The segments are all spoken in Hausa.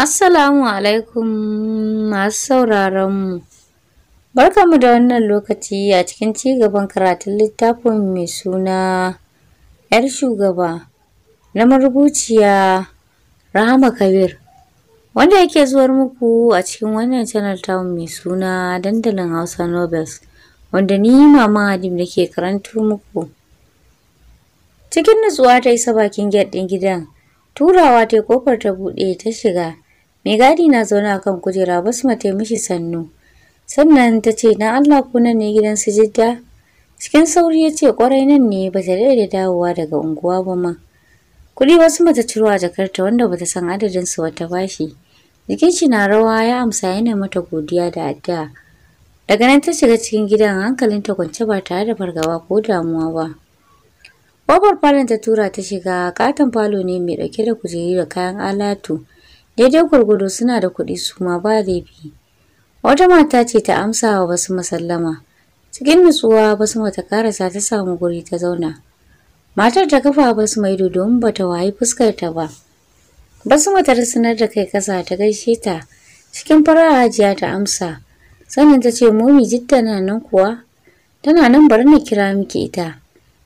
Assalamu alaikum masu sauraronmu. mu da wannan lokaci a cikin ci gaban karatun littafin mai suna ‘yar shugaba na marubuciya Rahama Kabir wanda yake zuwar muku a cikin wannan channel tamu mai suna dandalin Hausa Novels wanda ni Mama Hadim da ke karanto muku. Cikin nutsuwa ta isa bakin gate ɗin gidan. turawa ta kofar ta buɗe ta shiga Mai gadi na zaune a kan kujera Basma ta mishi sannu. Sannan ta ce, "Dan Allah ku nan ne gidan su Jidda?" Cikin sauri ya ce, "Kwarai nan ne ba ta da dawowa daga unguwa ba ma." Kuɗi wasu mata ciro a jakarta wanda bata san adadin su wata bashi. Jikin shi na rawa ya amsa yana mata godiya da addu'a. Daga nan ta shiga cikin gidan ta kwance ba tare da fargaba ko damuwa ba. Kofar falon ta tura ta shiga katon falo ne mai ɗauke da kujeru da kayan alatu. daidai gwargwado suna da kuɗi su ma ba laifi wata mata ce ta amsa wa basu masallama cikin nutsuwa basu mata karasa ta samu guri ta zauna matar ta kafa basu mai dodo min bata wayi fuskar ta ba basu ta sanar da kai kasa ta gaishe ta cikin fara hajiya ta amsa sannan ta ce momi jitta? na nan kuwa tana nan bari na kira miki ita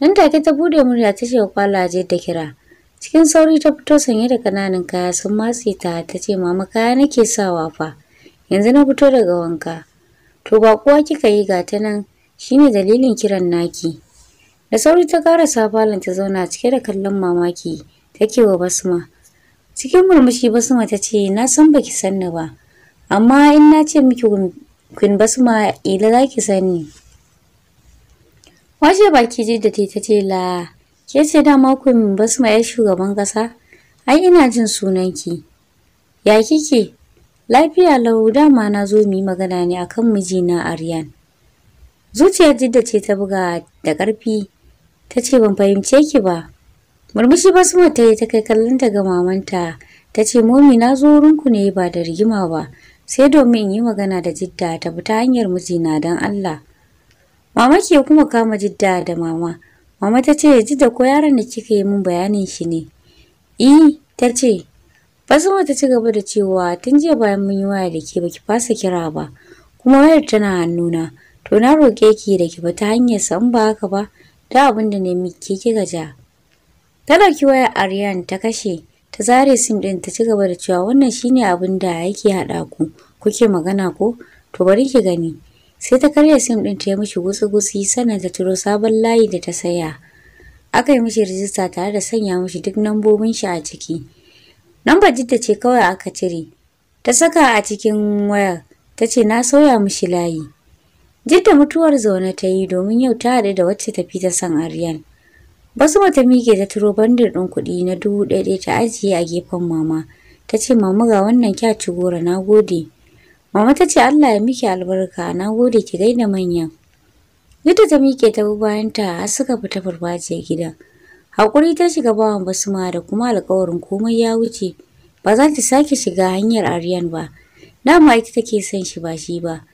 nan take ta bude murya ta ce kwala kwalaje da kira Cikin sauri ta fito sanye da ƙananan kaya sun matse ta ta ce mama kaya nake sawa fa. Yanzu na fito daga wanka. To ba kuwa kika yi ga ta nan shine dalilin kiran naki. Da sauri ta kara falon ta zauna cike da kallon mamaki take wa Basma. Cikin murmushi Basma ta ce na san baki sanni ba. Amma in na ce miki kun Basma ila zaki sani. Wace baki ji da ta ce la Ke ce dama ku min basma yar shugaban kasa? Ai ina jin sunan ki Ya kike? Lafiya lau dama na zo mu yi magana ne akan mijina Aryan. Zuciyar Jidda ce ta buga da ƙarfi ta ce ban fahimce ki ba. Murmushi Basma ta yi ta kai ta ga mamanta ta ce momi na zo wurinku ne ba da rigima ba sai domin in yi magana da Jidda ta bi ta hanyar mijina don Allah. Mama ke kuma kama Jidda da mama Mama ta ce ji da ko yaron da kika yi min bayanin shi ne. I eh, ta ce Basma ta ci gaba da cewa tun jiya bayan mun yi waya da ke baki fasa kira ba kuma wayar tana hannuna to na roƙe ki da ki ba ta hanyar san ba haka ba da abin da ne miki kika ja. Ta ɗauki wayar Aryan ta kashe ta zare sim ɗin ta ci gaba da cewa wannan shine abin da yake haɗa ku kuke magana ko to bari ki gani sai ta karya sim ɗin ta yi mishi gutsi-gutsi sannan ta turo sabon layi da ta saya aka yi mishi rijista tare da sanya mishi duk nambobin shi a ciki lambar jidda ce kawai aka cire ta saka a cikin wayar ta ce na sauya mishi layi jidda mutuwar zaune ta yi domin yau ta haɗu da wacce tafi ta san aryan basu mata mike ta turo bandin ɗin kuɗi na dubu ɗaya ta ajiye a gefen mama ta ce mama ga wannan kyaci ci gora na gode Mama ta ce Allah ya miki albarka, na gode ki gaida manyan. Yadda ta miƙe ta bayanta ta suka fita farfajiyar gidan. Hakuri ta shiga bawan basuma da kuma alƙawarin komai ya wuce. Ba za ta sake shiga hanyar Aryan ba. Dama ita take son shi ba shi ba.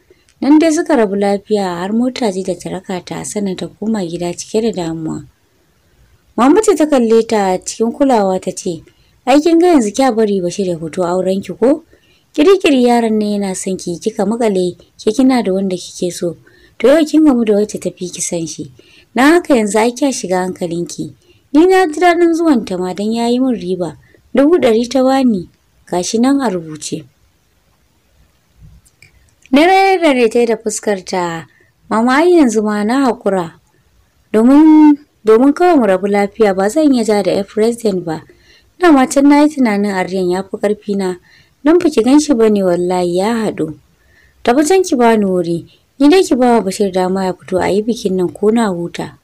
Nan dai suka rabu lafiya har mota ji da ta raka ta sannan ta koma gida cike da damuwa. mama ta kalle ta cikin kulawa ta ce, Aikin ga yanzu kya bari ba shi da fito aurenki ko? Kirikiri yaron ne yana son ki kika makale ki kina da wanda kike so. To yau kin gamu da wacce tafi ki san shi. Na haka yanzu ai kya shiga hankalinki. Ni na ji daɗin zuwan ta ma dan yayi min riba. Dubu ɗari ta bani. Gashi nan a rubuce. Dare dare ta da fuskar ta. Mama ai yanzu ma na hakura. Domin domin kawai mu rabu lafiya ba zan iya ja da president ba. Na matan na yi tunanin Aryan ya fi ƙarfi na. nan ba ki gan shi ba ne wallahi ya haɗu. Tabbatan ki ba ni wuri, ni dai ki ba wa Bashir dama ya fito a yi bikin nan ko na huta.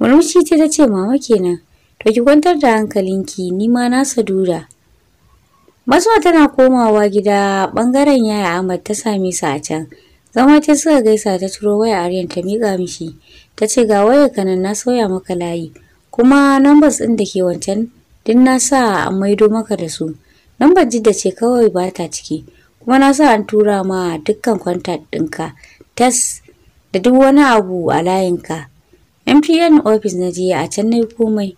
Murmushi ta ce mama kenan, to ki kwantar da hankalinki ni ma na sadura. masuwa tana komawa gida ɓangaren yaya Ahmad ta same su a can. Zama ta suka gaisa ta turo waya Aryan ta miƙa mishi. Ta ce ga waya ka na sauya maka layi. Kuma numbers ɗin da ke wancan duk na sa an maido maka da su. lambar jidda ce kawai ba ta ciki kuma na sa an tura ma dukkan kwantar ɗinka tas da duk wani abu a layinka mtn ofis na je a can na yi komai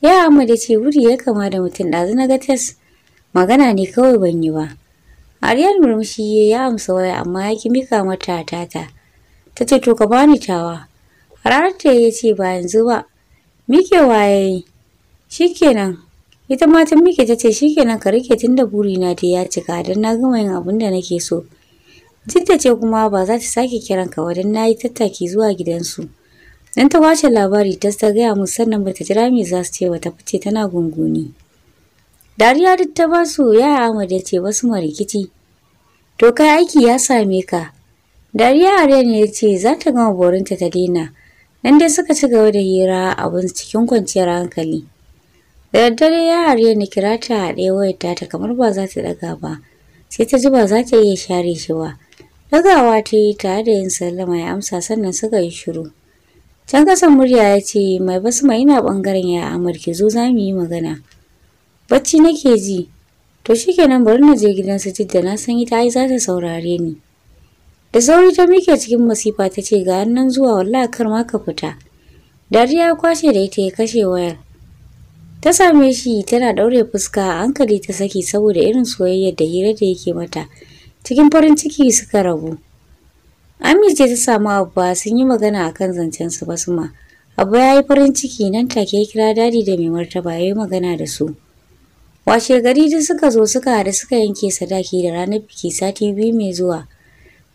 ya amma da ce wuri ya kama da mutum ɗazu na ga tas magana ne kawai ban yi ba ariyar murmushi ya amsa waya amma ya ki mika mata tata ta ce to ka bani tawa ranar ta ya ce ba yanzu ba mike waye shikenan ita matan tun miki ta ce shi nan ka rike tun da burina ta ya cika don na gama yin abin da nake so jidda ce kuma ba za ta sake kiran ka don na yi tattaki zuwa gidansu dan ta kwashe labari ta ta gaya mu sannan ba ta jira me za su ce ba ta fice tana gunguni dariya duk ta ba su yaya Ahmad ya ce wasu rikici. to kai aiki ya same ka dariya ne ya ce za ta gama borinta ta daina nan dai suka ci gaba da hira abin cikin kwanciyar hankali da daddare ya hare ni kira ta haɗe wayar tata kamar ba za ta ɗaga ba sai ta ji ba za ta iya share shi ba Dagawa ta yi tare da yin sallama ya amsa sannan suka yi shiru can kasan murya ya ce mai basma ina ɓangaren ya amurki zo za mu yi magana bacci nake ji to shikenan bari na je gidan su jidda na san ita ai za ta saurare ni da sauri ta mike cikin masifa ta ce ga nan zuwa wallahi kar ma ka fita dariya kwashe da ita ya kashe wayar ta same shi tana daure fuska a hankali ta saki saboda irin soyayyar da hira da yake mata cikin farin ciki suka rabu Ami ce ta samu Abba sun yi magana akan zancen su basma. Abba ya yi farin ciki nan take ya kira dadi da mai martaba ya yi magana da su. Washe gari duk suka zo suka haɗu suka yanke sadaki da ranar biki sati biyu mai zuwa.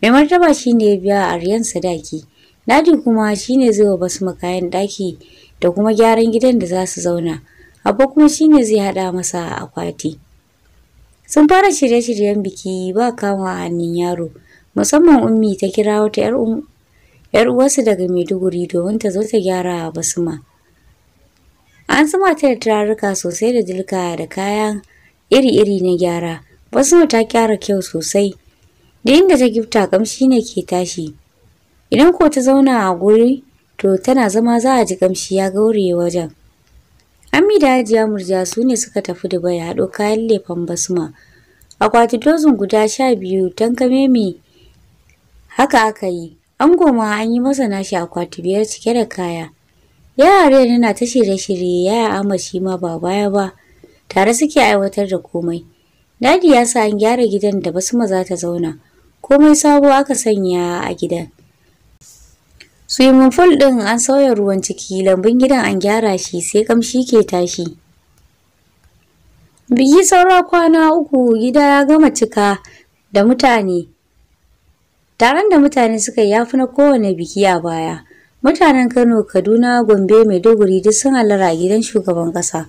Mai martaba shine ya biya aryan sadaki. Dadi kuma shine ne zai wa basma kayan ɗaki da kuma gyaran gidan da za su zauna. abu kuma shine zai haɗa masa akwati. Sun fara shirye-shiryen biki ba kama hannun yaro, musamman ummi ta kira wata ‘yar um, uwarsu daga Maiduguri domin ta zo ta gyara basuma. An zama ta da turaruka sosai da dilka da kayan iri-iri na gyara, basuma ta gyara kyau sosai, da inda ta gifta kamshi ne ke tashi. Idan ko ta zauna a guri, to tana zama za a ji kamshi ya gaure wajen. Ami da Hajiya Murja su ne suka tafi Dubai haɗo kayan lefen basma. Akwati dozin guda sha biyu tankame mai haka aka yi. An goma an yi masa nashi akwati biyar cike da kaya. Yara yana ta shirye-shirye yaya Ahmad shi ma ba baya ba. Tare suke aiwatar da komai. Dadi ya sa an gyara gidan da basma za ta zauna. Komai sabo aka sanya a gidan. Swimming pool ɗin an sauya ruwan ciki, lambun gidan an gyara shi sai kamshi ke tashi. Biki saura kwana uku gida ya gama cika da mutane. Taron da mutane suka yi yafi na kowane biki a baya. Mutanen Kano, Kaduna, Gombe, Maiduguri duk sun halara gidan shugaban kasa,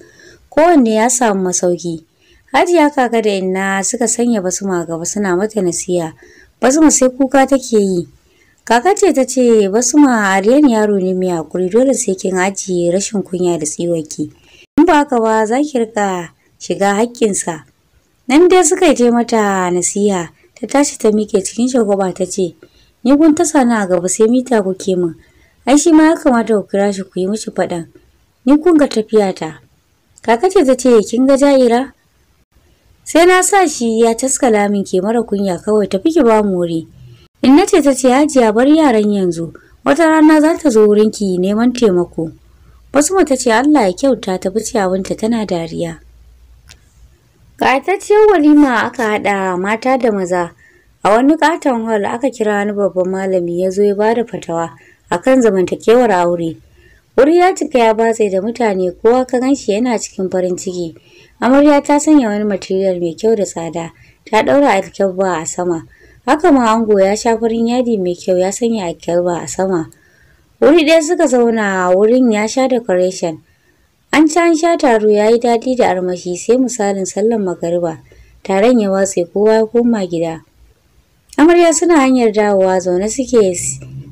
Kowanne ya samu masauki. Hajiya kaka da inna suka sanya basuma gaba suna mata nasiha. Basuma sai kuka take yi. Kaka ce ta ce wasu ma Aryan yaro ne mai hakuri dole sai kin ajiye rashin kunya da tsiwaki. In ba haka ba za ki rika shiga haƙƙinsa. Nan dai suka yi mata nasiha ta tashi ta mike cikin shagwaba ta ce ni kun ta sani a gaba sai mita kuke min. Ai shi ma ya kamata ku kira shi ku yi mishi faɗan. Ni kun ga tafiya ta. Kaka ce ta ce kin ga ja'ira? Sai na sa shi ya taskala min ke mara kunya kawai tafi ki ba mu wuri. Inna ce ta ce Hajiya bar yaran yanzu, wata rana za ta zo wurin wurinki neman taimako. Wasu mata ce Allah ya kyauta ta bi ciyawunta tana dariya. Ƙayatacciyar walima aka haɗa mata da maza. A wani ƙaton hall aka kira wani babban malami ya zo ya ba da fatawa akan zamantakewar aure. Wuri ya cika ya batse da mutane kowa ka ganshi yana cikin farin ciki. Amarya ta sanya wani material mai kyau da tsada, ta ɗaura alkyabba a sama. Haka ma ango ya sha farin yadi mai kyau ya sanya a alkyalba a sama. Wuri ɗaya suka zauna wurin ya sha decoration. An ci an sha taro ya yi daɗi da armashi sai misalin sallan magariba. Taron ya watse kowa ya koma gida. Amarya suna hanyar dawowa zaune suke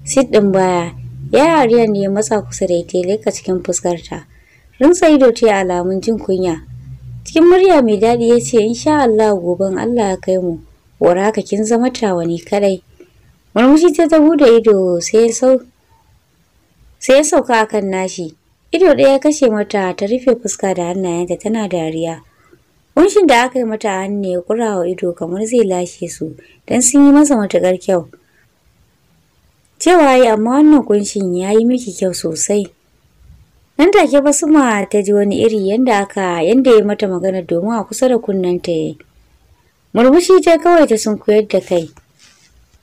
sit ɗin baya. yi Aryan ne ya matsa kusa da ita leka cikin fuskarta. Rinsa ido ta alamun jin kunya. Cikin murya mai daɗi ya ce, Insha Allah goben Allah ya kai mu. wara haka kin zama tawani kadai murmushi ta ta bude ido sai ya sau sai ya sauka akan nashi ido ɗaya kashe mata ta rufe fuska da hannayenta tana dariya kunshin da aka yi mata a hannu ya kurawa ido kamar zai lashe su don sun yi masa matuƙar kyau cewa yi amma wannan kunshin ya yi miki kyau sosai nan take basuma ta ji wani iri yanda aka yanda ya mata magana domin a kusa da kunnenta ya yi Murmushi ta kawai ta sunkuyar da kai.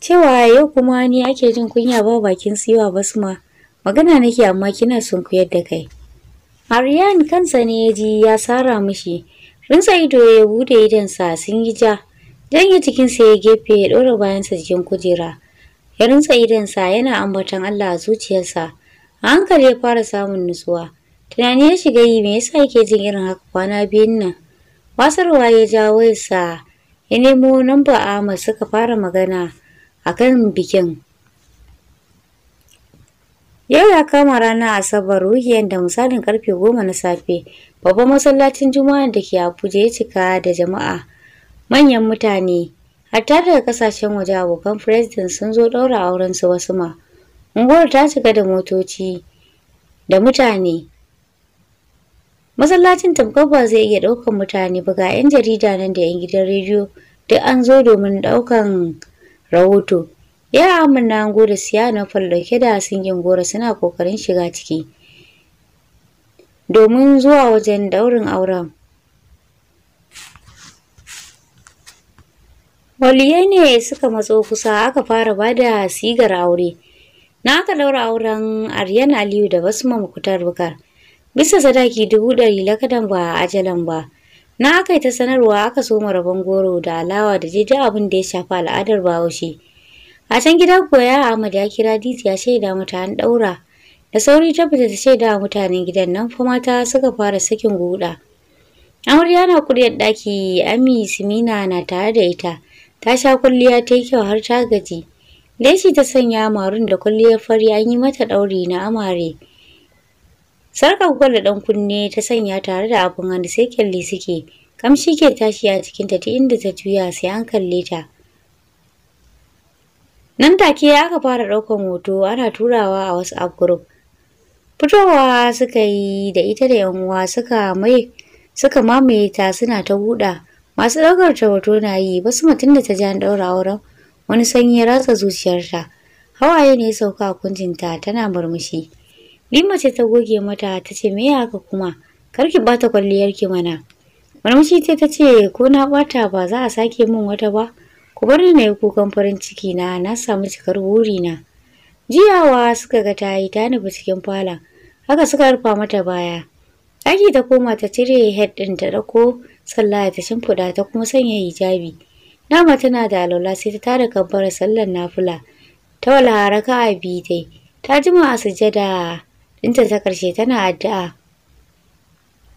Cewa yau kuma ni ake jin kunya ba bakin siwa basma. Magana nake amma kina sunkuyar da kai. Aryan kansa ne ya ji ya sara mishi. Rinsa ido ya bude idonsa sun yi ja. Janye jikinsa ya gefe ya ɗora bayansa jikin kujera. Ya rinsa idonsa yana ambaton Allah a zuciyarsa. A hankali ya fara samun nutsuwa. Tunani ya shiga yi me yasa yake jin irin haka kwana biyun nan. Wasarwa ya jawo sa ya nemo namba a suka fara magana a kan bikin. Yau ya kama ranar Asabar ruhiyar da misalin karfe goma na safe, babban masallacin Juma'a da ke Abuja ya cika da jama'a, manyan mutane, hatta daga kasashen waje abokan Firistin sun zo ɗaura auren su wasu ma. Unguwar ta cika da motoci da mutane, Masallacin tamkar ba zai iya ɗaukan mutane ba ga 'yan jarida nan da 'yan gidan rediyo duk an zo domin ɗaukan rahoto. ya Ahmad na ango da siya Fal dauke da singin gora suna kokarin shiga ciki. Domin zuwa wajen daurin auren. Waliyai ne suka matso kusa aka fara ba da sigar aure. Na aka daura auren Aryan Aliyu da Basma Mukutar Bukar. Bisa sadaki dubu ɗari lakadan ba a ajalan ba. Na aka yi ta sanarwa aka soma rabon goro da alawa da jijji abin da ya shafi al'adar Bahaushe. A can gida kuwa ya Ahmad ya kira Diti ya shaida mata an ɗaura. Da sauri ta fita ta shaida wa mutanen gidan nan fa mata suka fara sakin guda. Amarya na kuryar ɗaki Ami Simina na tare da ita. Ta sha kwalliya ta yi kyau har ta gaji. Leshi ta sanya marun da kwalliyar fari an yi mata ɗauri na amare. Sarkar gwal da ɗan kunne ta sanya tare da abin hannu sai kyalle suke. Kamshi ke tashi a cikin ta inda ta juya sai an kalle ta. Nan take aka fara ɗaukar hoto ana turawa a WhatsApp group. Fitowa suka yi da ita da 'yan uwa suka mai suka mamaye ta suna ta buɗa. Masu ɗaukar ta hoto na yi wasu mutum da ta ja ɗaura auren wani sanyi ya ratsa zuciyarta. Hawaye ne ya sauka a kuncinta tana murmushi. Lima ce ta goge mata ta ce me ya haka kuma kar ki bata kwalliyar ki mana. Marmashi ce ta ce ko na bata ba za a sake min wata ba ku bar ni na yi kukan farin ciki na na samu cikar na. Jiyawa suka ga ta yi ta nufi cikin falon haka suka rufa mata baya. Ɗaki ta koma ta cire head din ta ɗauko sallah ta shimfiɗa ta kuma sanya hijabi. Dama tana da alwala sai ta tada kabbara sallar nafila. Ta walhara ka a bi dai. Ta jima a sujada Dinta ta ƙarshe tana addu'a.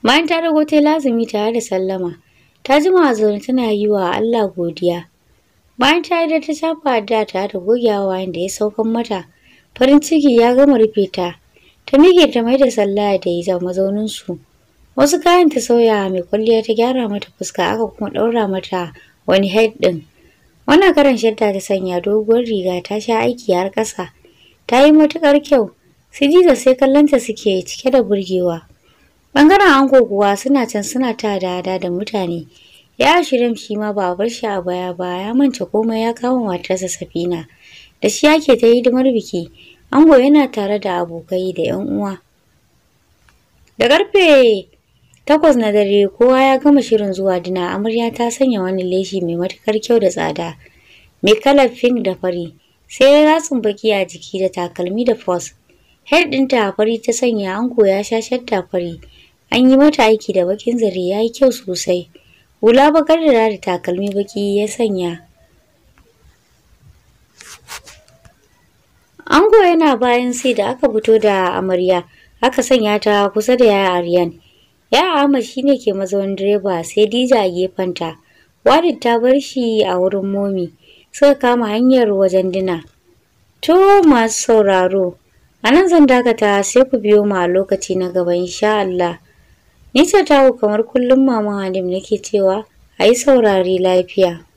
Bayan ta dago ta lazumi tare da sallama, ta jima a zaune tana yi wa Allah godiya. Bayan ta yi da ta shafa addu'a tare da gogewa da ya saukan mata, farin ciki ya gama rufe ta. Ta miƙe ta mai da sallaya da yi zama mazauninsu. Wasu kayan ta sauya mai kwalliya ta gyara mata fuska aka kuma ɗaura mata wani head ɗin. Wannan karan shadda ta sanya doguwar riga ta sha aiki har ƙasa. Ta yi matuƙar kyau. Sidiza sai kallonta suke cike da burgewa. Bangaren ango kuwa suna can suna ta dada da mutane. Ya shirin shi ma ba bar shi a baya ba ya manta komai ya kama matarsa Safina. Da shi yake ta hidimar biki, ango yana tare da abokai da 'yan uwa. Da karfe takwas na dare kowa ya gama shirin zuwa dina amarya ta sanya wani leshi mai matukar kyau da tsada. Mai kalar pink da fari, sai ya ratsin baki a jiki da takalmi da fos. Head din fari ta sanya ango ya sha shadda fari. An yi mata aiki da bakin zare ya yi kyau sosai. Hula bakar da da takalmi baki ya sanya. Ango yana bayan sai da aka fito da amarya, aka sanya ta kusa da yaya Aryan. Yaya Ahmad shine ke mazaunin direba sai Dija a gefenta. Wadin ta bar shi a wurin momi, suka kama hanyar wajen dina. To masu sauraro, A nan zan dakata sai ku biyo mu a lokaci na gaba insha Allah. Ni ce ku kamar kullum Mama Halim nake cewa a yi saurari lafiya.